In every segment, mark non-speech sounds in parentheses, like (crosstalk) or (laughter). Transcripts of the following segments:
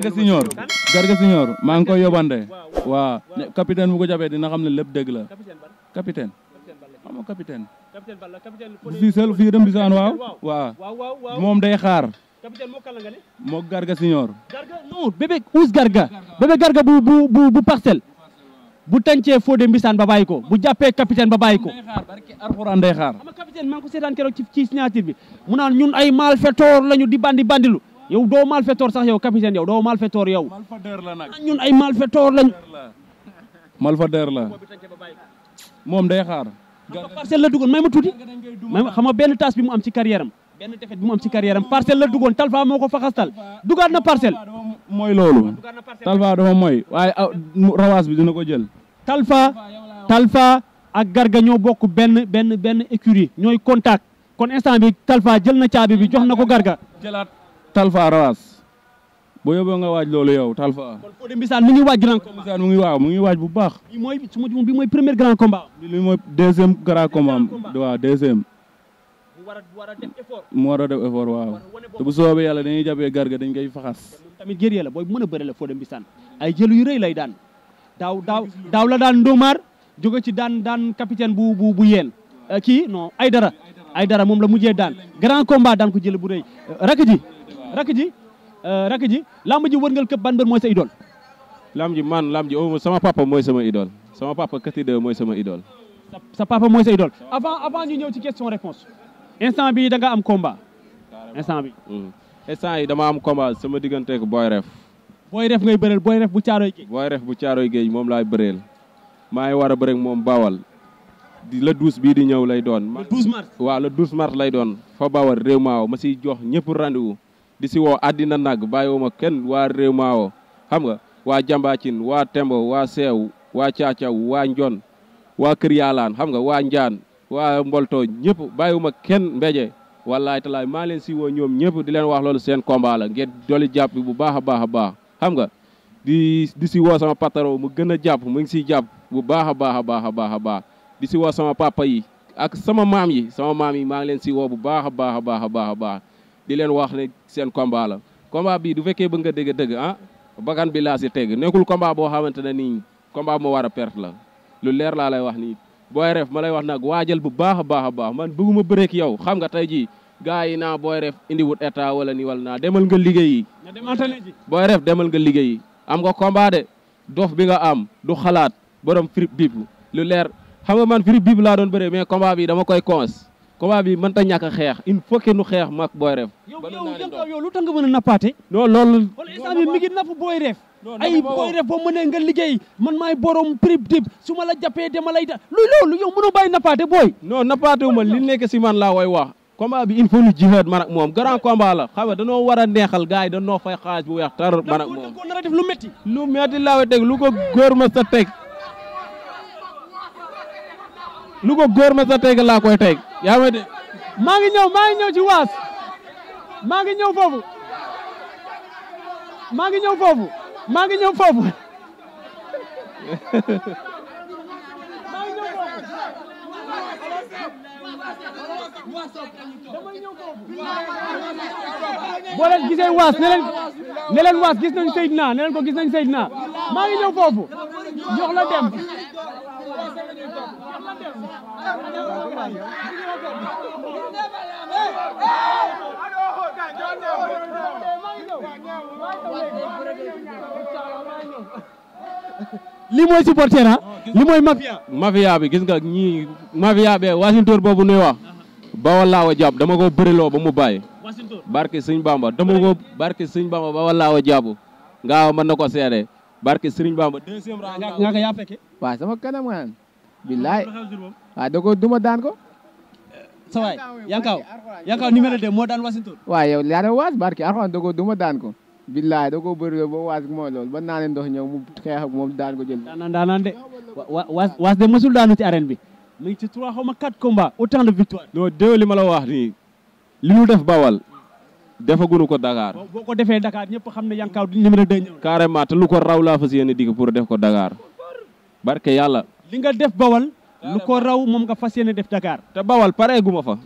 Garga Senior Garga Senior maa ngi koy yobante waaw capitaine bu ko jàppee dina xam ne lépp la capitaine xam nga capitaine fii sel fii dem bisaan waaw waaw moom day xaar moo Garga Senior non bébé uus Garga bébé Garga bu bu bu bu parcelle bu tàncee Fodé ba bàyyi bu jàppee capitaine ba bàyyi ko alxuraan day xaar xam capitaine maa ko seetaan keroog ci signature bi mu naan ñun ay malfaiteur lañu di bandi bandilu yow doo malfaiteur sax yow capitaine yow doo malfaiteur yow. malfaiteur la nag ñun ay malfaiteur lañ. malfaiteur la. moom day xaar. parcelle la duggoon may ma tuuti. may ma xam nga benn taas bi mu am si carrière am. benn defet bi mu am ci carrière am parcelle la duggoon Talfa moo ko faxastal dugaat na parcelle. mooy loolu. Talfa dama mooy waaye ah, rawaas bi dina ko jël. Talfa Talfa ak Garga ñoo bokk benn benn benn écurie ñooy contact kon instant bi Talfa jël na caabi bi jox na ko Garga. jëlaat. Talfa Rawas bo yóbboo nga waj lolou yow Talfa. kon Fodé Mbissane mi ngi waj grand combat. Mbissane mi ngi waw mi ngi waj bu bax bii moy su ma bi moy premier grand combat. li moy deuxième grand combat do wa deuxième. mu wara a wara def effort. mu wara def effort waw te bu soobe yalla dañuy jabe garga dañ koy faxas. tamit guerre la boy meuna beurele a bëre la ay jelu yu reuy lay dan daw daw daw la dan Ndomar jóge ci dan dan capitaine bu bu bu yeen euh, ki non ay dara ay dara mom la mujjé dan grand combat dan ko jël bu reuy rakati rakiji ji euh, rak ji lamb ji wërngal këpp ban mbër moy sa idol lamb ji man lamb ji oh, sama papa moy sama idol sama papa këti de mooy sama idol sa papa moy sa idol avant avant ñu ñew ci question réponse instant bi da nga am combat instant bi hmm. instant yi dama am combat sama diggante ak boy ref boy ref ngay bëreel boy ref bu caaroy geej boy ref bu caaroy geej mom lay bëreel may wara war mom bawal di le 12 bi di ñew lay doon. le 12 mars wa le 12 mars lay doon fa bawal rew maaw ma ci jox ñepp rendez-vous di si woo àddina nag bàyyiwuma kenn waa réew xam nga waa jambacin waa tembo waa seew waa caacaw waa njon waa kër yaalaan xam nga waa njaan waa mboltoo ñëpp bàyyiwuma kenn mbeje wallaay talaay maa leen si woo ñoom ñëpp di leen wax loolu seen combat la ngeen dooli jàpp bu baax a baax baax xam nga di di si woo sama pataro mu gën a jàpp mu ngi siy jàpp bu baax baax a baax a baax a baax di si woo sama papa yi ak sama maam yi sama maam yi maa ngi leen si woo bu baax a baax a baax a baax a baax seen combat la combat bii du fekkee bëgg nga dégg dëgg a ah, bakkan bi laa si teg nekkul combat boo xamante nii combat moo war a perte la lu leer laa lay wax nii booy ref ma lay wax nag waajal bu baax a baax a baax man bëgguma bëreek yow xam nga tey jii gars yi naa booy ref indiwut état wala ni wala naa demal nga liggéeyi. booy ref demal nga liggéeyi am nga combat de dof bi nga am du xalaat borom firib biib lu leer xam nga man firib biib laa doon bëree mais combat bi mën ta ñàkk a xeex il faut que nu xeex maak booy reef lu tax mën a nappaate non loolu wala instant bi mi ngi napp booy reef ay booy reef boo mënee nga liggéey man maay borom prib dib su ma la jàppee dama lay da luy loolu yow mënoo bàyyi nappaate booy non nappaate wu ma li nekk si man laa koy wax combat bi il faut nu jihaad man ak moom grand combat la xam nga danoo war a neexal gars yi danoo fay xaaj bu weex tar ma ak moom nar a def lu métti lu métti laa wa teg lu ko góor ma sa teg lu ko góor ma sa teg laa koy teg yaa ma de maa ngi ñëw maa ci waas maa ngi ñëw foofu maa ngi ñëw foofu maa ngi ñëw foofu (laughs) boo leen waas ne leen waas gis nañ Seydina ne leen nañ Seydina maa ngi ñëw foofu jox la dem li mooy supporter ah. li mooy mafia mafia bi gis nga ñii mafia bi Washington boobu nuy wax ba laaw a jàpp dama ko bëriloo ba mu bàyyi barke sëñ Bamba dama ko barke sëñ Bamba ba laaw a jàpp ngaaw man na ko seede barke sëriñ Bamba deuxième round nga ko yaa fekke sama kanam nga billaay waaw da ko duma daan ko sa waay yankaaw yankaaw numéro moo daan Wassintor waaw yow yaa da waas barke Alxuraan da duma daan ko billaay da ko bëri ba waas mooy loolu ba naane ndox ñëw mu xeex ak moom daan ko jël daan de waas de mësul daanu ci arène bi mu ngi ci trois xaw ma quatre combats autant de victoire. non deux li ma de wax nii li ñu def bawal defagunu ko Dakar. boo ko defee Dakar ñëpp xam ne yankaaw du numéro deux de carrément te lu ko raw laa fas yéene pour def ko Dakar barke yàlla. li nga def bawal lu ko raw moom nga fas def Dakar. te bawal guma fa.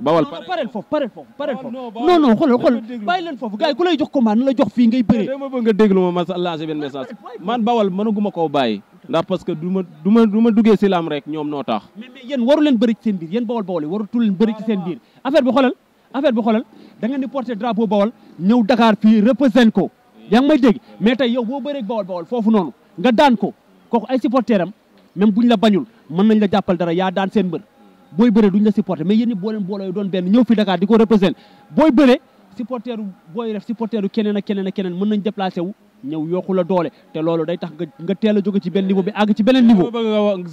bawal pare parel fof parel fof parel fof non non oh, xol xol bàyyi leen foofu gars ku lay jox commande la jox fi ngay bëree. dama bëgg nga déglu ma ma lancer ben message man bawal guma ko baye ndax parce que du ma du ma du ma rek ñoom noo tax. mais mais yéen waru leen bëri ci seen biir yéen bawol bawol yi waratu leen bëri ci seen biir affaire bi xoolal affaire bi xoolal drapeau bawol ñëw Dakar fii représente ko. yaa ngi may dégg mais tey yow boo bëree bawol bawol foofu noonu nga daan ko kooku ay supporteram bu ñu la bañul mën nañ la jàppal dara yaa daan seen mbër booy bëree duñ la supporter mais yéen ñi boo leen booloo doon benn ñëw fii Dakar di ko représente booy bëree supporteru keneen ak keneen ak keneen mën nañ déplacé wu ñëw yokku la doole te loolu day tax nga nga teel a jóge ci benn niveau bi àgg ci beneen niveau bëgg nga wax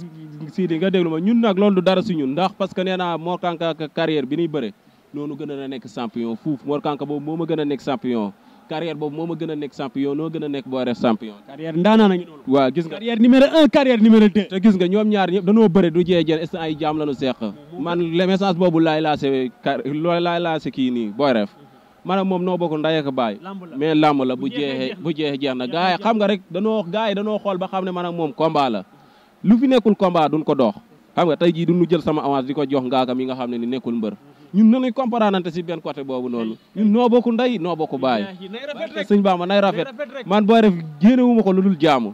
Sidi déglu ma ñun nag lool du dara si ñun ndax parce que nee naa Mor Kanka carrière bi ñuy bëre noonu gën a nekk champion fuuf Mor Kanka boobu moo ma gën a nekk champion carrière boobu moo ma gën a nekk champion noo gën a nekk boo ref champion carrière ndaanaa nañu noonu waaw gis nga carrière numéro un carrière numéro te gis nga ñoom ñaar ñëpp dañoo bëre du jee jeen instant ay jaam la ñu message boobu laay laacé loolu laay laacé kii nii booy ref maanaam moom noo bokku ndey ak baay mais làmb la bu jeexee bu jeex na gars yi xam nga rek danoo gars yi danoo xool ba xam ne man ak moom combat lu fi nekkul combat duñ ko doox xam nga tey jii duñu jël sama avance di ko jox ngaaka mi nga xam ne ni nekkul mbër ñun nanuy comprendre si benn côté boobu noonu ñun noo bokku nday noo bokk baay sëñ Bamba nay rafet man booy def génnewuma ko lu dul jaamu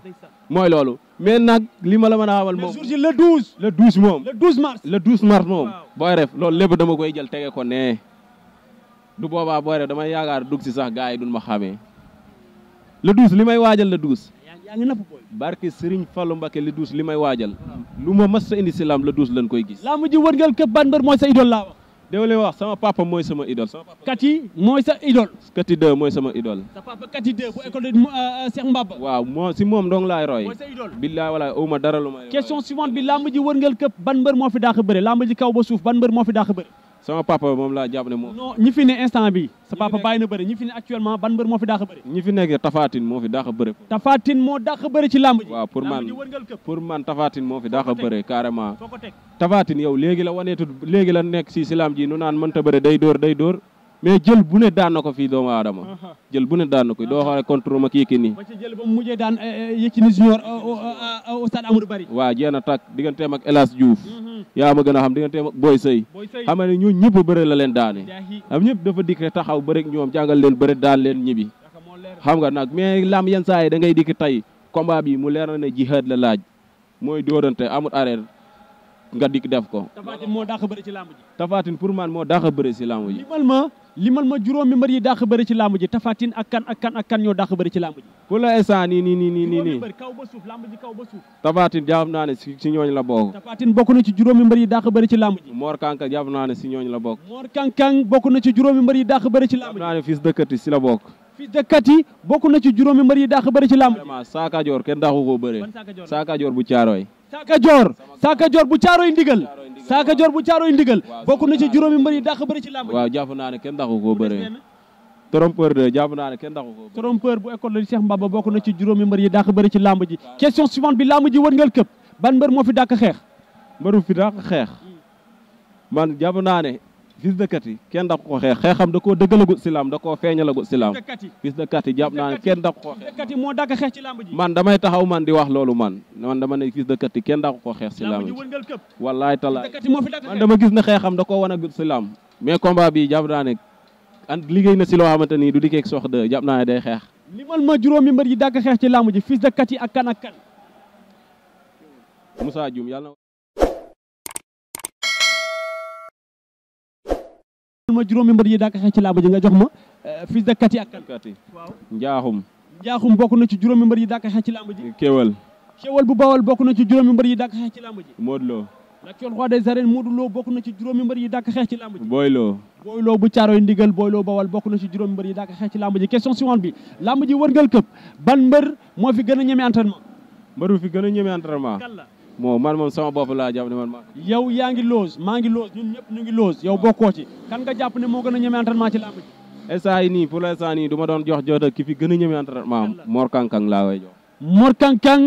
mooy loolu mais nag li ma la mën a xamal moom le 12 le 12 moom le le 12 mars moom booy def loolu lépp dama koy jël tege ko nee du boobaa boo def damay yaakaar dugg si sax gars yi duñ ma xamee le douze li may waajal la douze yaa ngi napp booy barke la Fallou Mbacke li may waajal lu ma mas sa indi si lam le douze lañ koy gis laa mu ji wërngal këpp ban mbër mooy sa laa wax wax sama papa mooy sama idole kati mooy sa idole kati deux mooy sama idole sa papa kati deux bu école de euh, euh, Cheikh Mbaba moo si moom dong laay roy mooy sa idole billaay walaay aw ma dara lu may question suivante bi lamb moo fi daax bëre lamb ji kaw ba suuf ban mbër moo fi daax bëre sama papa moom laa jàpp ne moom. non fi ne instant bi sa papa bàyyi na bëri ñi fi ban mbër moo fi daax a bëri. ñi fi nekk Tafatine moo fi daax a bëri. Tafatine moo daax a bëri ci làmb ji. waaw pour man pour man moo fi daax a bëri carrément. Tafatine yow léegi la waneetu léegi la nekk si si làmb ji nu naan mënta bëri day dóor day dóor mais jël bu ne daan na ko fii doomu aadama jël bu ne daan na ko doo xoolee contre ma jël ba mu mujjee daan eh, eh, Yékini Junior eh, oh, oh, a ah, ah, stade Amadou Barry. waaw jéem a tàkk digganteem ak El Hadj Diouf. Mhm. yaa ma gën a xam digganteem ak Boy Sey. xam nga ne ñooñu ñëpp bëre la leen daane. am ñëpp dafa dikk taxaw bëre ak ñoom jàngal leen bëre daan leen ñibbi. xam nga nag mais lam yenn saa yi dangay ngay dikk tey combat bi mu leer na ne la laaj mooy dóorante amut arrêt. nga dik def ko. Tafatin moo dàq bëri ci làmb ji. Tafatin pour man moo dàq bëri ci làmb ji. limal ma limal ma juróomi mbër ci làmb ji Tafatin ak kan ak kan ak kan ñoo dàq bëri ci làmb ji. pour l'instant nii nii nii nii nii nii. naa ne si si la bokk. Tafatin bokk na ci juróomi mbër yi dàq bëri ci làmb ji. Mor Kankang jàpp si ñooñu la bokk. Mor Kankang mbër yi dàq bëri ci làmb ji. jàpp naa ne fils de Kati si la bokk. fils de Kati bokk na ci juróomi mbër saaka joor saaka joor bu caarooy ndigal saaka joor bu caarooy ndigal bokk na ci juróomi mbër yi dàq bëri ci làmb waaw jàpp naa ne kenn dàqu koo bëree trompeur de jàpp naa ne kenn dàqu koo trompeur bu école Cheikh Mbaba bokk na ci juróomi mbër yi dàq bëri ci làmb ji question suivante bi làmb ji wërngal këpp ban mbër moo fi dàq xeex mbëru fi dàq xeex hmm. man jàpp naa ne fils de Katy kenn daq ko xeex xeexam da koo dëggalagut si laam da koo feeñalagut si laam fils de Katy naa ne kenn daq ko xeex moo dàq xeex ci lamb ji man damay taxaw man di wax loolu man man dama ne fils de kenn daq ko xeex si laam ji wallaay talaay man dama gis ne xeexam da koo wanagut si laam mais combat bi jàpp naa ne an liggéey na si loo du dikkee ak sox de jàpp naa ne day xeex limal ma juróomi mbër yi dàq xeex ci lamb ji fils ma juróomi mbër yi daa ko xeex ci làmb ji nga jox ma euh, fils de Kati ak Kati waaw njaaxum njaaxum bokk na ci juróomi mbër yi daa xeex ci làmb ji kéwal kéwal bu bokk na ci juróomi mbër yi daa ko xeex ci làmb ji roi des arènes Modou Lo bokk na ci juróomi mbër yi daa ko xeex ci làmb ji Boy Lo Boy Lo bu bokk na ci juróomi mbër yi daa ko xeex ci làmb ji question bi làmb ji wërngal këpp ban mbër moo fi gën a ñeme entraînement mbër bu fi gën a ñeme entraînement la bon man moom sama bopp laa jàpp ne man maa. yow yaa ngi loos maa ngi loos ñun ñëpp ñu ngi loos yow bokkoo ci kan nga jàpp ne moo gën a ñeme entraînement ci làmb ji. instant yii nii pour l'instant nii du ma doon jox jota ki fi gën a ñeme entraînement am Mor Kankang laa koy jox. Mor Kankang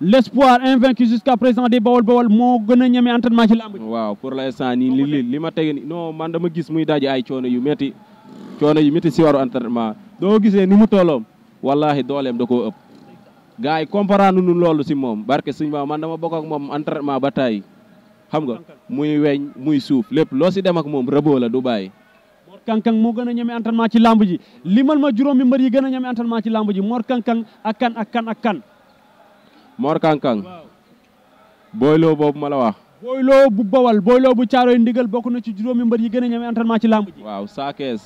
l'espoir invaincu jusqu'à présent des Bawol Bawol moo gën a ñeme entraînement ci làmb ji. waaw pour l'instant nii li li ma tege nii non man dama gis muy daje ay coono yu meti coono yu métti si waru entraînement gisee ni mu tolloom wallaahi dooleem da koo ëpp. gars comparanu comprendre nu loolu si moom barke suñu maam man dama bokk ak mom entraînement ba tey xam nga muy weñ muy souf lepp lo ci dem ak mom rebo la du bàyyi Mor Kankang mo gëna a entraînement ci lamb ji limal ma mi mbeur yi gëna a entraînement ci lamb ji Mor Kankang ak kan ak kan ak kan Mor Kankang boylo bobu mala wax boylo bu bawal boylo bu caaroy ndigal bokku na ci mi mbeur yi gëna a entraînement ci lamb ji waaw Sa Thiès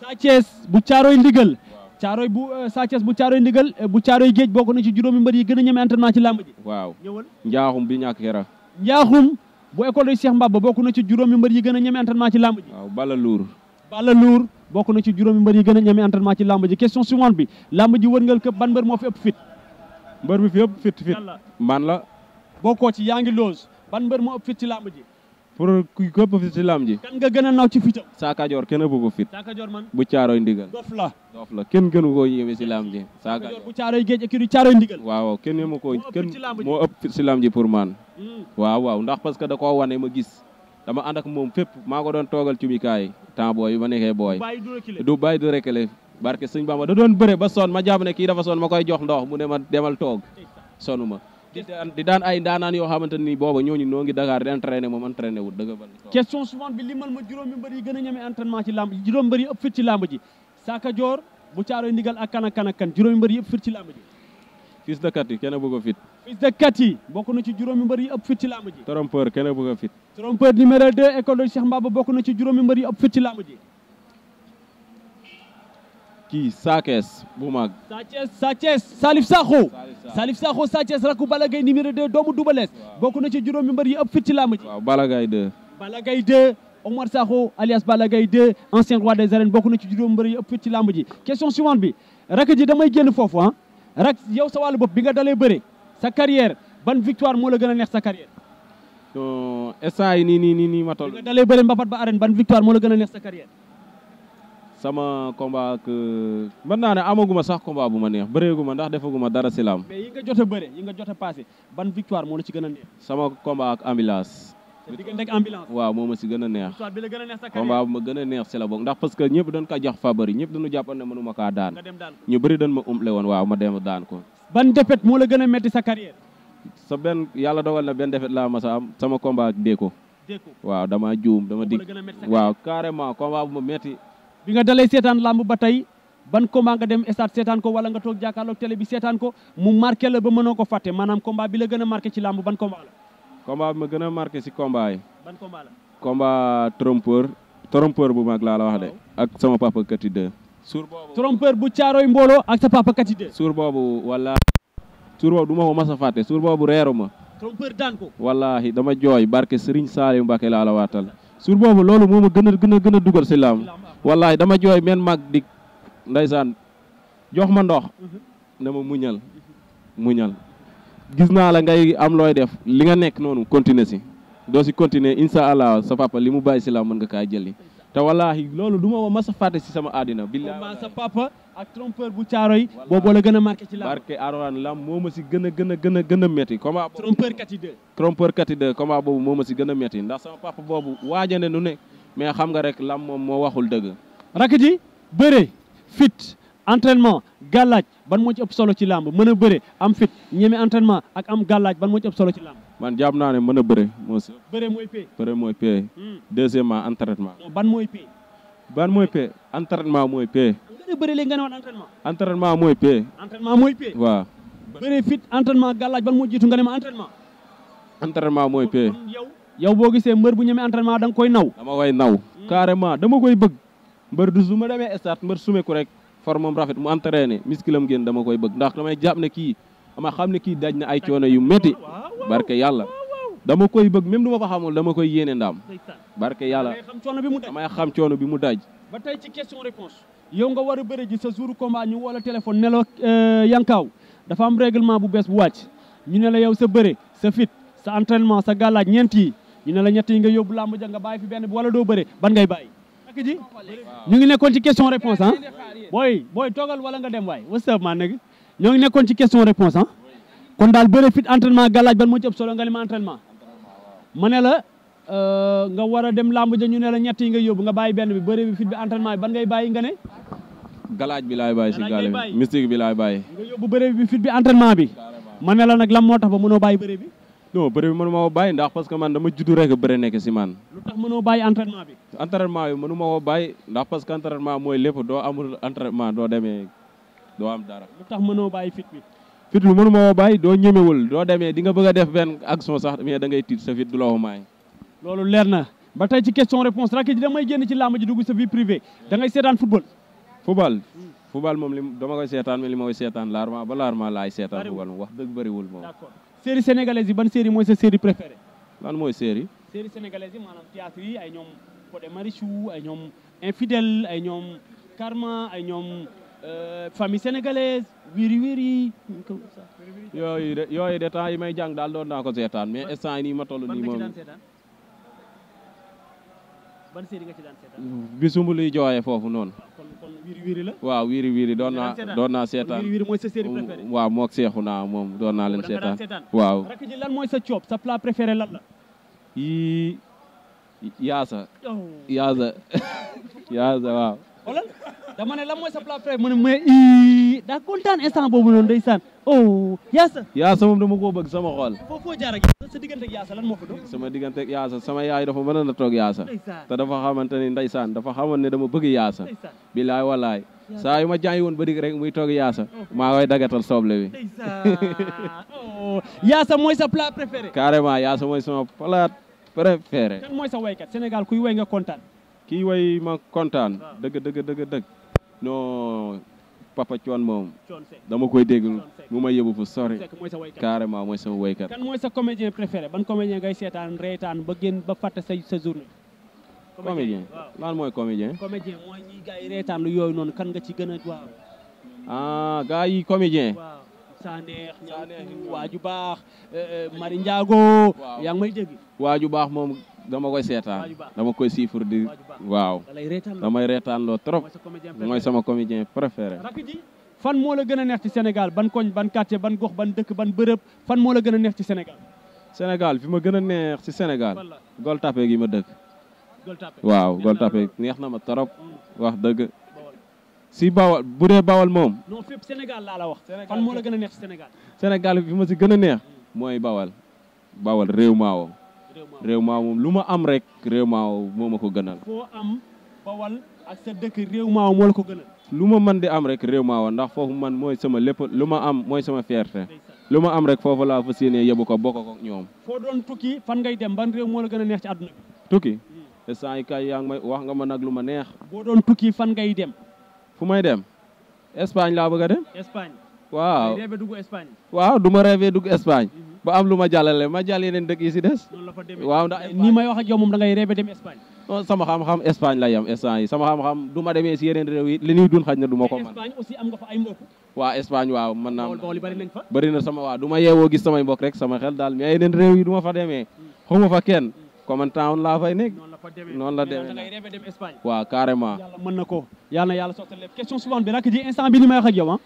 Sa Thiès bu caaroy ndigal caaroy bu eh, Sa Thiès bu caaroy ndigal eh, bu caaroy géej bokk na ci juróomi mbër yi gën a ñeme entraînement ci làmb ji waaw ñëwal njaaxum bi ñàkk yara njaaxum bu école de Cheikh Mbaba bokk na ci juróomi mbër yi gën a ñeme entraînement ci làmb ji waaw bala luur bala luur bokk na ci juróomi mbër yi gën a ñeme entraînement ci làmb ji question suivante bi làmb ji wërngal këpp ban mbër moo fi ëpp fit mbër bi fi ëpp fit fit man la bokkoo ci yaa ngi loos ban mbër moo ëpp fit ci làmb ji pour ku képp fit ci lam ji. kan a naw ci fitam. Saa Kajoor kenn ëpp ko fit. Saa Kajoor man bu caaroy ndigal. dof la dof la kenn gënu koo yéeme ci Saa Kajoor bu caaroy géej ak caaroy ndigal. waaw kenn yéemu ko kenn moo ëpp ci lam ji pour man. Hmm. waaw waaw ndax parce da koo wane ma gis. dama ànd ak moom fépp maa ko doon toogal ci mikaay temps booy bi ma nekkee booy. du bàyyi du rekale barke sëñ Bamba da doon bëre ba sonn ma jàpp ne kii dafa soon ma koy jox ndox mu ne ma demal toog sonu ma di daan di daan ay ndaanaan yoo xamante ni booba ñooñu noo ngi Dakar di entraîné moom entraîné wul question suivante bi limal ma juróomi mbër yi gën a ñeme entraînement ci làmb ji mbër yi ëpp fit ci làmb ji Saka Dior bu caaroy ndigal ak juróomi mbër yi ëpp fit ci làmb ji fils de kat yi kenn fit fils de kat yi bokk ci juróomi mbër yi ëpp fit ci làmb ji ki sakes bumag sakes sakes salif ساخو salif ساخو sakes rakou balagay numéro 2 دومو دوبالس بوكو نتي جورومي مبار يي اب فيت سي لامج واو balagay 2 balagay 2 Omar Sakho alias Balagay 2 ancien roi des arènes bokku na ci juroom mbeur yi ëpp ci lamb ji question suivante bi rak ji damay genn fofu ah rak yow sa walu bop bi nga dalé beuré sa carrière ban victoire mo la gëna neex sa carrière non essay ni ni ni ni ma tollu nga dalé beuré mbapat ba arène ban victoire mo la gëna neex sa carrière sama combat ak mën naa ne amaguma sax combat bu ma neex bereguma ndax defaguma dara si laam. mais yi nga jotta a yi nga jotta a passé ban victoire mo la ci gëna neex. sama combat ak ambulance. digënde ak ambulance. waaw moma ci gëna neex. victoire bi la gëna neex sa combat bu ma gën neex ci la bok ndax parce que ñepp dañ ko jox favori ñepp dañu jàppoon ne mënuma kaa daan. ñu bari dañ ma umlé won waaw ma dem daan ko. ban défaite mo la gëna metti sa carrière. sa ben yalla dogal na ben défaite la ma sa am sama combat ak Deko. Deko waaw dama joom dama dig waaw carrément combat bu ma metti bi nga dalay seetaan làmb ba tey ban combat nga dem stade seetaan ko wala nga toog jàkkaarloog tele bi seetaan ko mu marqué la ba mënoo ko fàtte maanaam combat bi la gën a marqué làmb ban combat la. combat ma gën a marqué ci combat ban combat la. combat trompeur bu mag laa la wax de. ak sama papa kati de. bu caaroy mbooloo ak sa papa boobu wala. suur du ma ko mas a fàtte suur boobu reeru ma. trompeur daan ko. wallaahi dama jooy barke Serigne Salim Mbacke laa la waatal. suur boobu loolu moo ma gën a gën a gën a dugal si laam wallaay dama jooy men mag dik ndaysaan jox ma ndox mhm. na ma muñal muñal gis naa la ngay am looy def li nga nekk noonu continuer si doo si continuer incha allah sa papa li mu bàyyi si laam mën nga kaa jëli te wallaahi loolu du ma mas a fàtte si sama àddina billaahi sa papa trompeur bu caaroy booboo la gën a marqué ci làmb barke Alxuraan làmb moo ma si gën a gën a gën a gën a métti combat trompeur kati deux trompeur kati deux combat boobu moo ma si gën a métti ndax sama papa boobu waajane nu ne mais xam nga rek làmb moom moo waxul dëgg rakk ji bëre fit entraînement gàllaaj ban moo ci ëpp solo ci làmb mën a bëre am fit ñeme entraînement ak am gàllaaj ban moo ci ëpp solo ci làmb man jàpp naa ne mën a bëre moo si. bëre mooy pay. bëre mooy pay. Hmm. deuxièmement ban mooy pay. ban mooy pay entraînement mooy pay. nga ne bëre léegi nga ne woon entraînement. entraînement mooy pay. mooy pay. waaw. bëre fit entraînement gàllaaj ban moo jiitu nga ne ma entraînement. entraînement mooy pay. yow yow boo gisee mbër bu ñemee entraînement da nga koy naw. dama koy naw. Hmm. carrément dama koy bëgg. mbër du su ma demee stade mbër sumeku rek formam rafet mu entraîné musculam génn dama koy bëgg ndax damay jàpp ne kii. ma xam ne kii daj na ay coono yu métti barke yàlla dama koy bëgg même du ma ko xamul dama koy yéene ndaam barke yàlla damay xam coono bi mu daj ba tey ci question réponse yow nga war a bëri ji sa jour combat ñu wala téléphone ne la euh, yankaaw dafa am règlement bu bees bu wàcc ñu ne la yow sa bëre sa fit sa entraînement sa gàllaaj ñeenti yi ñu ne la ñett yi nga yóbbu làmb ja nga baay fi benn bi wala doo bëre ban ngay bàyyi ak ji ñu ngi nekkoon ci question réponse ah booy booy toogal wala nga dem waay what's up maa nag ñoo ngi nekkoon ci question réponse ah kon daal bëre fit entraînement galaaj ban moo ci solo nga ne ma ne la euh, nga war a dem làmb ja ñu ne la ñett yi nga yóbbu nga bàyyi benn bi bëre bi fit bi ngay bàyyi nga ne galaaj bi laay bàyyi si gaale bi mystique bi laay bàyyi bëre bi fit bi entraînement bi ne la nag lan moo tax ba mënoo bàyyi bëre bi non bëre bi mënu bàyyi ndax parce que man dama juddu rek bëre nekk si man lu tax mënoo bàyyi entraînement bi entraînement bi mënu bàyyi ndax parce que entraînement mooy lépp doo amul entraînement doo demee do am dara lutax meuno baye fit bi fit bi meuno mo baye do ñemewul do démé di nga bëgg def ben action sax mais da ngay tit sa fit du la may lolu lérna ba tay ci question réponse rak ji damay génn ci lamb ji duggu sa vie privée da ngay sétane football football football mom li dama koy sétane mais li ma larma ba larma lay sétane football walu wax bari wul mom d'accord série sénégalaise yi ban série moy sa série préférée lan moy série série sénégalaise yi maanaam théâtre yi ay ñom podé Marichou ay ñom infidèle ay ñom Karma ay ñom Euh, famille sénégalaise wiri wiri yooyu de temps yi may jàng daal doon naa ko seetaan mais instant yi ma toll nii moom ban série nga ci daan seetaan bi sumb luy jooyee foofu noonu ah, waaw wiiri wiiri doon naa seetaan waaw mook seexu moom doon naa leen seetaan waaw mooy sa coob sa plat préféré lan yii yaasa oh. yaasa (laughs) yaasa waaw xoolal dama ne la mooy sa plat préféré mu ma ii boobu noonu ndeysaan oh yaasa yaasa moom koo bëgg sama xool foo sa diggante ak lan moo sama diggante ak sama yaay dafa mën a toog yaasa te dafa ni ndeysaan dafa xamoon ne dama bëgg yaasa bilaay walaay saa yu ma jaay woon ba dig rek muy toog yaasa oh. maa koy dagatal soble bi (laughs) oh. sa plat préféré carrément yaasa mooy sama plat préféré kan kii way ma kontaan dëgg dëgg dëgg dëgg non papa coon moom dama koy dégg mu ma yóbbu fu sori carrément mooy sama woykat kan mooy sa comédien préféré ban comédien ngay seetaan reetaan ba génn ba fàtte sa sa journée comédien lan mooy comédien comédien yi reetaan lu yooyu noonu kan ga ci gën a waaw ah gars yi comédien Saneex Ñaŋ waaju baax euh, euh, Mari Njaago yaa ngi may dégg waaju baax moom dama koy seetaan dama koy siifur di waaw damay reetaan loo trop mooy sama comédien préféré fan moo la gën a neex ci Sénégal ban koñ ban quartier ban gox ban dëkk ban bërëb fan moo la gën a neex ci Sénégal Sénégal fi ma gën a neex ci Sénégal Gueule Tapée gi ma dëkk waaw Gueule Tapée neex na ma trop mm. wax dëgg si bawal bu dee bawal moom non fépp Sénégal laa wax fan moo la gën a neex ci Sénégal Sénégal bi ma si gën a neex mooy bawal bawal réew maa woo réew maa moom lu ma am rek réew maa moo ma ko gënal. foo am bawal ak sa dëkk réew maa moo la ko gënal. lu ma mën di am rek réew maa ndax foofu man mooy sama lépp lu ma am mooy sama fierté lu ma am rek foofu laa fas yéenee yebu ko bokk ko ñoom. foo doon tukki fan ngay dem ban réew moo la gën a neex ci àdduna bi. tukki te kay yaa ngi may wax nga ma nag lu ma neex. boo doon tukki fan ngay dem. fu may dem Espagne laa bëgg a dem. Espagne. waaw dugg du ma rêvé dugg Espagne. ba am lu ma jàllale ma jàll yeneen dëkk yi si des. waaw ndax may wax ak yow moom da xam-xam Espagne lay am instant yi sama xam ma demee si yeneen réew na du ma ko mën. Espagne aussi am nga fa ay mbokk. waa Espagne na sama waa ma yeewoo gis samay mbokk rek sama xel daal mais ma fa demee. xuma fa kenn. comme temps laa fay demee da ngay rêve dem Espagne waaw na ko yàlla na yàlla sottal lépp question suivante bi rakk ji instant bi ni may wax ak yow ah,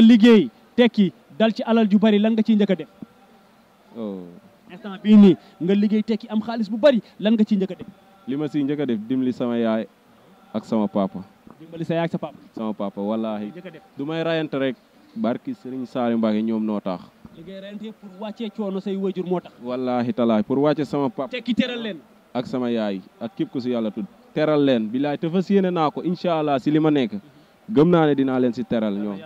liggéey tekki dal ci alal ju bari lan nga ciy njëkk def Oh. instant bii nii nga liggéey tekki am xaalis bu bari lan nga ciy njëkk def li ma siy njëkk a def dimbali sama yaay ak sama papa dimbali sa yaay ak sa papa sama papa wallaahi du may rayante rek barki Serigne Saliou Mbacké ñoom noo tax li wàccee coono say wajur moo tax wallaahi talaay pour wàcce sama papa tekki teral leen ak sama yaay ak képp ko si yàlla tudd teral leen bilaay te fas yéene naa ko incha allah si li ma nekk gëm naa ne dinaa leen si teral ñoom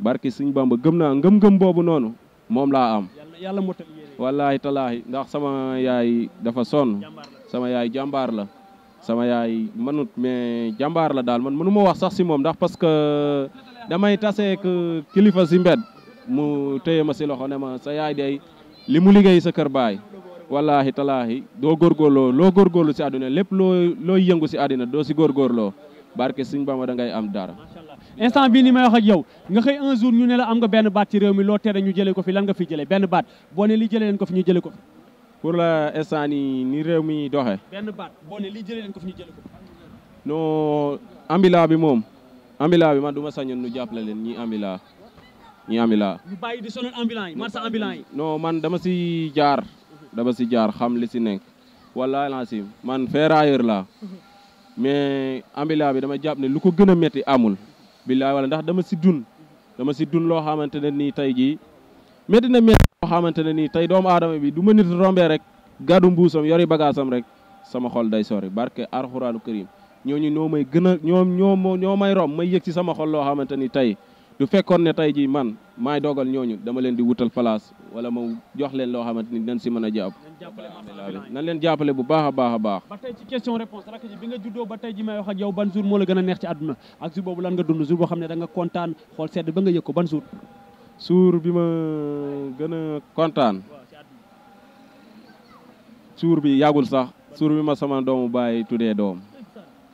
barki Serigne Bamba gëm naa ngëm-ngëm boobu noonu moom laa am yàlla moo tam wallaahi talaahi ndax sama yaay dafa sonn sama yaay jàmbaar la sama yaay mënut mais jàmbaar la daal man mënu ma wax sax si moom ndax parce que damay taseek kilifa si mbed mu téye ma si loxo ne ma sa yaay day li mu liggéey sa kër baay wallaahi talaahi doo góorgóorloo loo góorgóorlu si àdduna lépp loo looy yëngu si àddina doo si góor góorloo barke siñ Bamba da ngay am dara instant bii ni may wax ak yow nga xëy un jour ñu ne am nga benn baat ci réew mi loo tere ñu jëlee ko fi lan nga fi jëlee benn baat boo ne li jëlee leen ko fi ñu jëlee ko fi pour la instant yi ni réew mi doxee benn baat boo ne jëlee leen ñu jëlee ko bi moom ambila bi man du ma sañoon ñu jàppale leen ñi ambila ñi ambila ñu bàyyi di sonal ambulant yi marsa ambulant yi non man dama si jaar dama si jaar xam li si nekk wala lancim man ferrailleur la mhm. mais ambila bi dama jàpp ne lu ko gën a métti amul billaay wala ndax dama si dun dama si dun loo xamante ne nii tey jii métti na métti loo xamante ne nii tey doomu aadama bi du ma rombee rek gàddu mbuusam yori bagaasam rek sama xol day sori barke arxuraanu karim ñooñu ñoo may gën a ñoom ñoo ñoo may rom may yëg ci sama xol loo xamante ni tey du fekkoon ne tey jii man may dogal ñooñu dama leen di wutal place wala ma jox leen lo xamanteni dañ si mën a jàpp leen jappalé bu baaxa baaxa baax ba tay ci question réponse rak ci bi nga juddoo ba tay ji may wax ak yow ban jour mo la gëna neex ci aduna ak jour bobu lan nga dund jour bo xam da nga contane xol sedd ba nga yëg ban jour jour bi ma gën jour bi yagul sax jour bi ma sama doomu baye tudé doom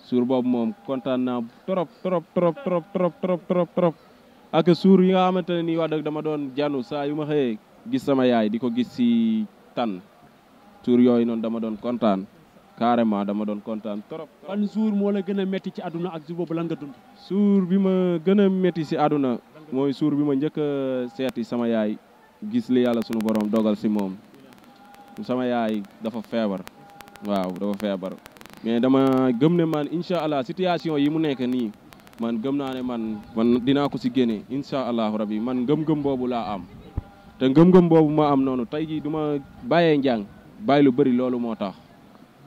jour bobu mom contane na trop trop trop trop trop trop trop trop ak suur yi nga xamante ne nii wax dëgg dama doon janu saa yu ma xëyee gis sama yaay di ko gis si tan suur yooyu noonu dama doon kontaan carrément dama doon kontaan trop. ban suur moo la gën a métti ci àdduna ak boobu lan nga dund. suur bi ma gën a métti si àdduna mooy suur bi ma njëkk a seeti sama yaay gis li yàlla sunu borom dogal si moom sama yaay dafa feebar waaw dafa feebar mais dama gëm ne man incha allah situation yi mu nekk nii. man gëm naa ne man man dinaa ko si génne incha allahu rabi man ngëm-ngëm boobu laa am te ngëm-ngëm boobu ma am noonu tey jii du ma bàyyee njàng bàyyi lu bëri loolu moo tax.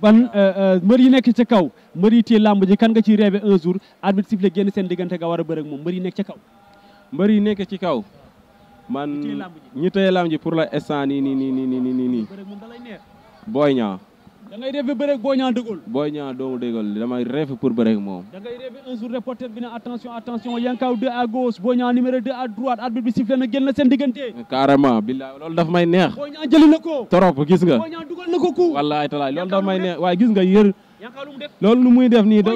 ban euh, euh, mbër yi nekk ci kaw mbër yi téye kan nga ciy rêvé un jour arbitre sifflé génn seen diggante ga war a bëre ak moom mbër nekk ci kaw. mbër yi nekk ci kaw. man ñi téye làmb ji pour la instant nii nii nii nii nii nii nii. booy ñaa da ngay rêvé bëreeg Boy Niang dëggul Boy Niang doomu dëggul damay rêvé pour bëreeg moom da ngay rêvé un jour reporter bi ne attention attention Yankaw 2 à gauche Boy numéro 2 à droite arbitre bi sifflé na génn na seen diggante carrément billaay waaye gis nga yër Yankaw lu muy def nii daw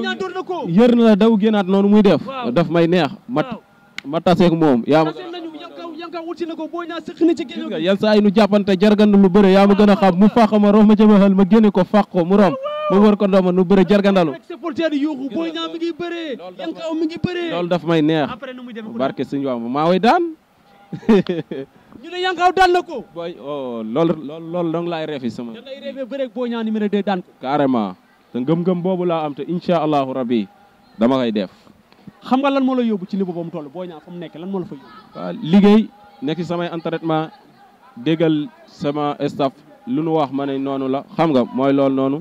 yër noonu muy def daf may neex ma ma moom yaa nga wut si na ko booy ñaa sëq na ci génn nga yan saa yi nu jàppante jargand lu bëre yaa ma gën a xam mu fàq ma roof ma mahal ma génne ko fàq mu rom ma wër ko ndooma nu bëre jargandalu supporter yuuxu booy ñaa mi ngi bëre yan kaw mi ngi bëre loolu daf may neex barke suñu waa maa way daan (laughs) ñu ne yankaw boy oh lol, lol, dong laay refi sama da ngay refee bëre booy ñaa numéro 2 daan ko carrément te ngëm-ngëm am te insha rabbi dama def xam nga lan moo la yóbbu ci niveau boobu toll boo ñaa lan moo la fa yóbbu nekk samay entraînement déggal sama staff lu nu wax ma ne noonu la xam nga mooy loolu noonu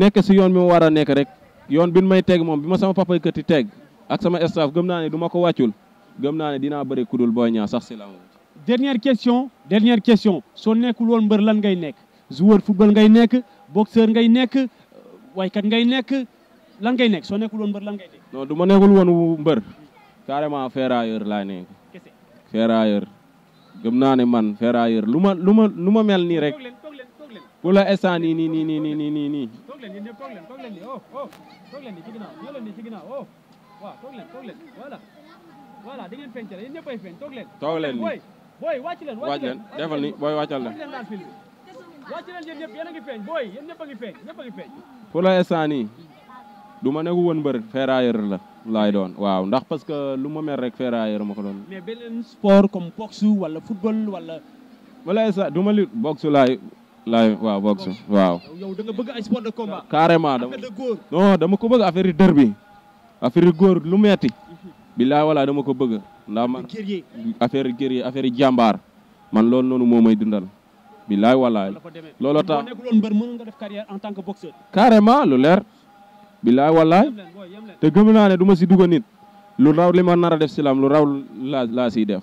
nekk si yoon bi mu war a nekk rek yoon bi nu may teg moom bi ma sama papa kër teg ak sama staff gëm naa ne duma ko wàccul gëm naa ne dinaa bëri kudul boo ñaa sax si la dernière question dernière question soo nekkul woon mbër lan ngay nekk fu football ngay nekk boxeur ngay nekk waykat ngay nekk lan ngay nekk soo nekkul woon mbër lan ngay nekk. non du n nekkul woon mbër carrément ferrailleur ferrailleur gëm naa ne man ferrailleur lu ma lu ma lu ma mel nii rek pour l'instant nii nii nii nii nii nii nii nii toog leen nii wàcc leen defal ni booy wàccal leen pour l'instant nii du ma nekk woon mbër ferrailleur la lay doon waaw ndax parce que lu ma mer rek ferrailleur ma ko doon. mais benen sport comme boxe wala football wala. wala sa duma ma li boxe lay, lay waaw boxe waaw. yow da nga bëgg ay sport de combat. carrément dama non dama ko bëgg affaire derby affaire góor lu metti. Mhm. bilaay wala dama ko bëgg. ndax man affaire guerrier affaire jambar man lool nonu momay dundal. bilaay wala lolo tax. boo nekkul woon mën nga def carrière en tant que boxeur. carrément lu leer. billaay wallaay te gëm naa ne duma si dugg nit lu raw li ma nar a def si laam lu raw laa laa siy def.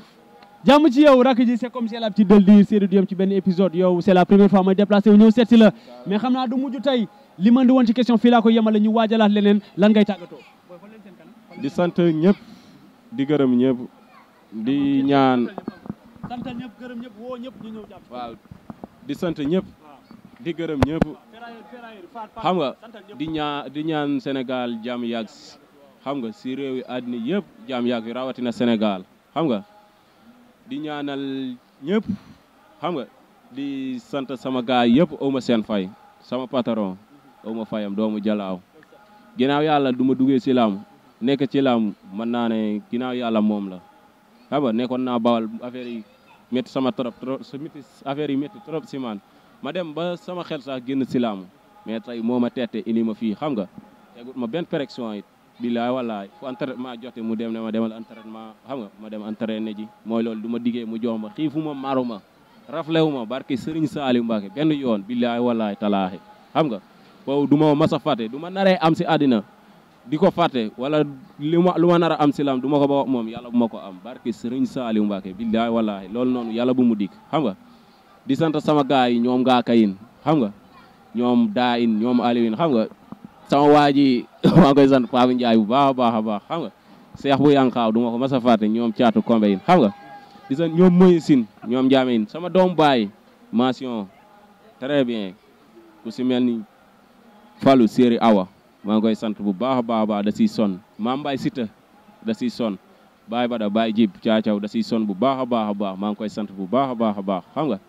jàmm ci yow rakk ji c'est comme si elle de lire série du yem ci benn épisode yow c'est la première fois may déplacé wu ñëw seet si la mais xam naa du mujj tey li man di woon ci question fii laa ko yemale ñu waajalaat leneen lan ngay tàggatoo. di sant ñëpp di gërëm ñëpp di ñaan. sant ñëpp gërëm ñëpp woo ñëpp ñu ñëw jàpp di sant ñëpp. di gërëm ñëpp xam nga di ñaa di ñaan Sénégal jàmm yàgg xam nga si réew yi àddina yëpp jàmm yàgg fi rawatina Sénégal xam nga di ñaanal ñëpp xam nga di sant sama gaay yëpp aw ma seen fay sama patron aw ma fayam doomu jalaaw ginnaaw yàlla du ma duggee si laam nekk ci laam mën naa ne ginnaaw yàlla moom la xam nga nekkoon naa bawal affaire yi métti sama trop trop sa métti affaire yi métti trop ma dem ba sama xel sax génn silaamu mais tey moo ma teete indi ma fii xam nga tegut ma benn pression it bilaay wallaay fu entraînement jote mu dem ne ma dem demal entraînement xam nga ma dem entraîné ji mooy loolu du ma diggee mu jox ma xiifu ma maru ma raflewu ma barke Serigne Saliou Mbacke benn yoon bilaay wallaay talaaxi xam nga boobu du ma masa a du ma naree am si àddina di ko fàtte wala li ma lu ma nara a am si lam du ma ko ba moom yàlla bu ma ko am barke Serigne Saliou Mbacke bilaay wallaay loolu noonu yàlla bu mu dikk xam nga di sant sama gars yi ñoom ngaa kayin xam nga ñoom daa in ñoom aliwin xam nga sama waa ji (laughs) maa ngi koy sant Pape njaay bu baax a baax a baax xam nga seex bu yanqaaw du ma ko mas a ñoom caatu kombe yin xam nga di sant ñoom moy sin ñoom njaame yin sama doom baay mention très bien ku si mel ni falu Séri Awa maa ngi koy sant bu baax a baax a baax da siy sonn maam Mbaye Sita da siy sonn Baye Bada Baye Jib caacaw da siy sonn bu baax a baax baax maa ngi koy sant bu baax a baax a nga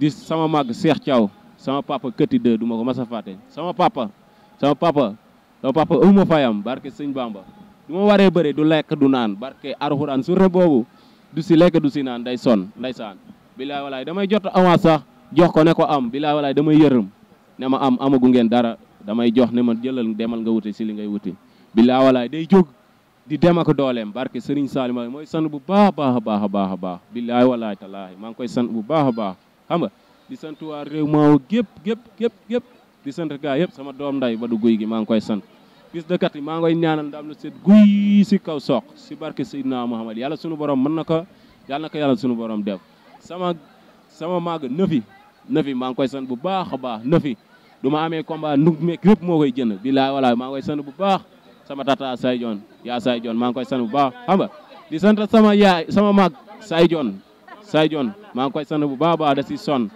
di sama mag Cheikh Thiaw sama papa këti de duma ko massa faté sama papa sama papa sama papa uma fayam barke seigne bamba duma waré béré du lek du nan barke alquran sur rebobu du si lek du si nan day son ndaysan billahi wallahi damay jot avance sax jox ko ne ko am billahi wallahi damay yeureum ne am amagu ngén dara damay jox ne ma jëlal demal nga wuti ci li ngay wuté billahi wallahi day jog di dem ak dolem barke serigne salim moy san bu baax baax baax baax baax billahi wallahi talahi mang koy san bu baax baax xam nga di sant waa réew maaw gépp gépp gépp gépp di sant gaa yëpp sama doom nday ba du guy gi maa ngi koy sant bis de kat yi maa ngi koy ñaanal ndam lu set guy si kaw sooq si barke Seydina Muhammad yàlla sunu borom mën na ko yàlla na ko yàlla sunu borom def sama sama màgg nëfi nëfi maa ngi koy sant bu baax a baax nëfi du ma amee combat ndug meeg yëpp moo koy jënd bilaay walaay maa ngi koy sant bu baax sama taata say joon yaa say joon maa ngi koy sant bu baax xam di sant sama yaay sama mag say joon Say Dione maa ngi koy sant bu baa a da si son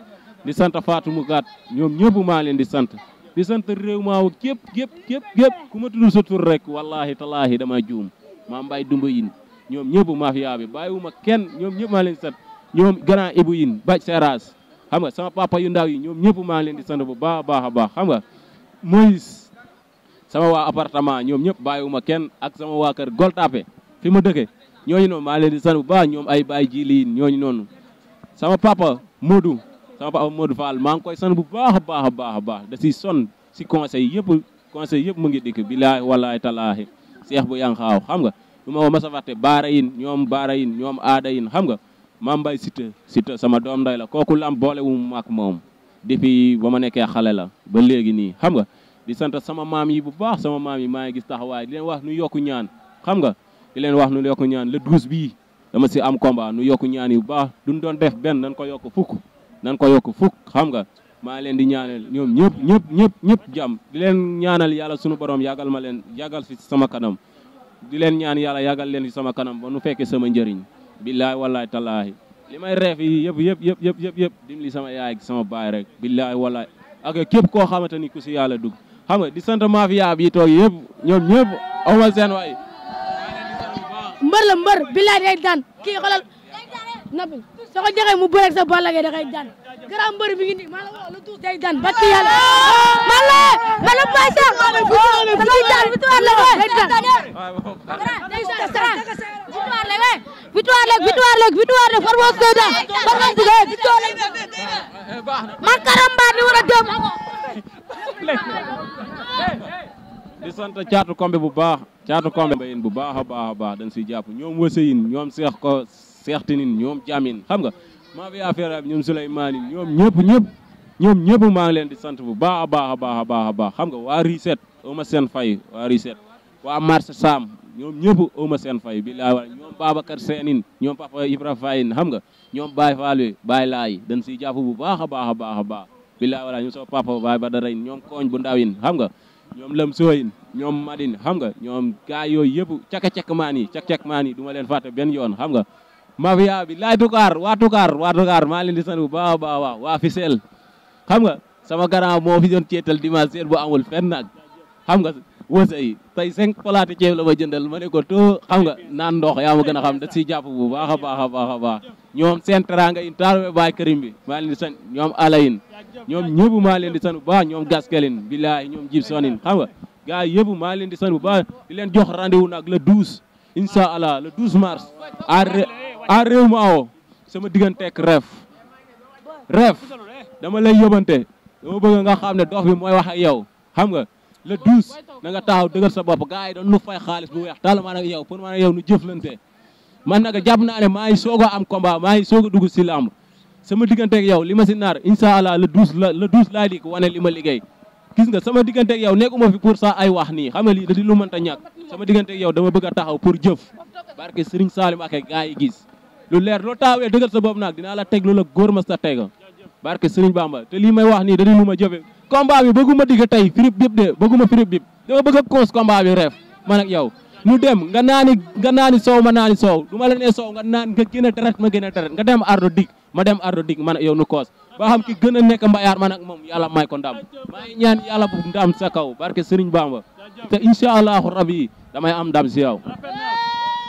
di sant Fatou mu gaat ñoom ñëpp maa leen di sant di sant réew maaw képp képp képp képp ku ma tudd sa tur rek wallahi talaahi dama juum maa mbay dumba yin ñoom ñëpp mafia bi bàyyiwuma kenn ñoom ñëpp maa leen di sant ñoom grand ibu yin baj seras xam nga sama papa yu ndaw yi ñoom ñëpp maa leen di sant bu baax a baax xam nga Moïse sama waa appartement ñoom ñëpp bàyyiwuma kenn ak sama waa kër Goltapé fi ma dëkke ñooñu noonu maa leen di sant bu baax ñoom ay baay ji lii ñooñu noonu sama papa Modou sama papa Modou Fall maa ngi koy sant bu baax a baax a baax a baax da si son si conseil yëpp conseil yëpp mu ngi dikk bilaahi walaahi talaahi seex bu yang xaaw xam nga du ma ma sa fàtte baara yin ñoom baara yin ñoom aada yin xam nga maam mbay sita sita sama doom nday la kooku lam boole wu mu moom depuis ba ma nekkee xale la ba léegi nii xam nga di sant sama maam yi bu baax sama maam yi maa ngi gis taxawaay di leen nu yokku ñaan xam nga di leen wax nu yokk ñaan le douze bii dama si am combat nu yokk ñaan yu baax duñ doon def benn nan ko yokk fukk nan ko yokk fukk xam nga maa leen di ñaanal ñoom ñëpp ñëpp ñëpp ñëpp jàmm di leen ñaanal yàlla sunu borom yàggal ma leen yàggal fi sama kanam di leen ñaan yàlla yàggal leen fi sama kanam ba nu fekkee sama njëriñ billaay wallaay tallaahi li may reef yi yëpp yëpp yëpp yëpp yëpp yëpp dimbali sama yaay sama baay rek billaay wallaay ak képp koo xamante ni ku si yàlla dugg xam nga di sant mafia bi toog yëpp ñoom ñëpp amal seen waay mbër la mbër billaay day daan kii xoolal nabil soo ko joxee mu bëreeg sa Balla Gaye da koy daan grand mbër mi ngi nii maa la wax lu tuus day daan barki yàlla man la man la Boy Sam damay daan victoire la way victoire la way victoire la victoire la victoire la Formose day daan Formose day victoire la man karamba numéro 2 di sant caatu kombe bu baax caatu kombe mbayin bu baax a baax a baax dañ siy jàpp ñoom wasayin ñoom seex ko seextinin ñoom jaamin xam nga maa fi affaire bi ñoom Souleymane ñoom ñëpp ñëpp ñoom ñëpp maa ngi leen di sant bu baax a baax a baax a baax a baax xam nga waa Riset ama seen fay waa Riset waa marché Sam ñoom ñëpp ama seen fay bi laa war ñoom Babacar Seenin ñoom Papa Ibra Fayin xam nga ñoom Baye Fall bi Baye Laay dañ siy jàpp bu baax a baax a baax a baax bi laa wala ñoom sama papa Baye Badara ñoom kooñ bu ndaw yin xam nga ñoom Lam Soyin ñoom Madine xam nga ñoom gars yooyu yëpp caka-cak maan yi cak-cak maan yi du leen fàtte benn yoon xam nga mafia bi laay tukaar waa tukaar waa tukaar maa leen di sant bu baax a baax waa waa Ficelle xam nga sama grand moo fi doon ceetal dimanche seet bu amul fenn nag xam wësa yi tey cinq palaati ceeb la ma jëndal ma ne ko to xam nga naan ndox yaa ma gën a xam da si jàpp bu baax a baax a baax a baax ñoom seen teraanga in taarwe baay kërim bi maa leen di san ñoom alayin ñoom ñëpp maa leen di san bu baax ñoom gaskelin bilaay ñoom jib sonin xam nga gars yëpp maa leen di san bu baax di leen jox rendez-vous nag le 12 incha allah le 12 mars a a réew ma sama digganteeg ref ref dama leen yóbbante dama bëgg nga xam ne dox bi mooy wax yow xam nga le 12 na nga taxaw dëgër sa bopp gars nu fay xaalis bu weex tàll man ak yow pour man ak yow nu jëflante man nag jàpp naa ne maa ngi soog a am combat maa ngi soog a dugg si làmb sama digganteeg yow li ma si naar incha allah le 12 la le 12 laa dik wane li ma liggéey gis nga sama digganteeg yow nekkuma fi pour sa ay wax nii xam nga lii da di lu mënta sama digganteeg yow dama bëgg a taxaw pour jëf barke Serigne Salim ak gars yi gis lu leer loo taawee dëgër sa bopp nag la teg lu la góor ma sa tega barke Serigne Bamba te da di combat bi bëgguma digg tey firib bib de bëgguma firib bib dama bëgg a koos combat bi reef man ak yow ñu dem nga naani nga naani soow ma naani soow du ma la nee soow nga naan nga gën a deret ma gën a deret nga dem ardo dig ma dem ardo dig man ak yow nu koos ba xam ki gën a nekk mbayaar man ak moom yàlla may ko ndam maa ngi ñaan yàlla bu ndam sa kaw barke Sëriñ Bamba te incha rab yi damay am ndam si yow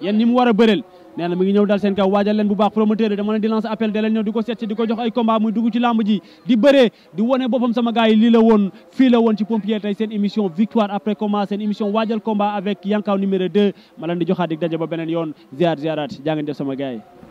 yen ni mu wara beurel neena mi ngi ñew dal seen kaw waajal leen bu baax promoteur dama leen di lancer appel de leen ñew diko setti diko jox ay combat muy duggu ci lamb ji di beure di woné bopam sama gaay li la won fi la won ci pompier tay seen émission victoire après combat seen émission waajal combat avec Yankaw numéro 2 ma di joxat dik daje ba benen yoon ziar ziarat jaa ngeen def sama gaay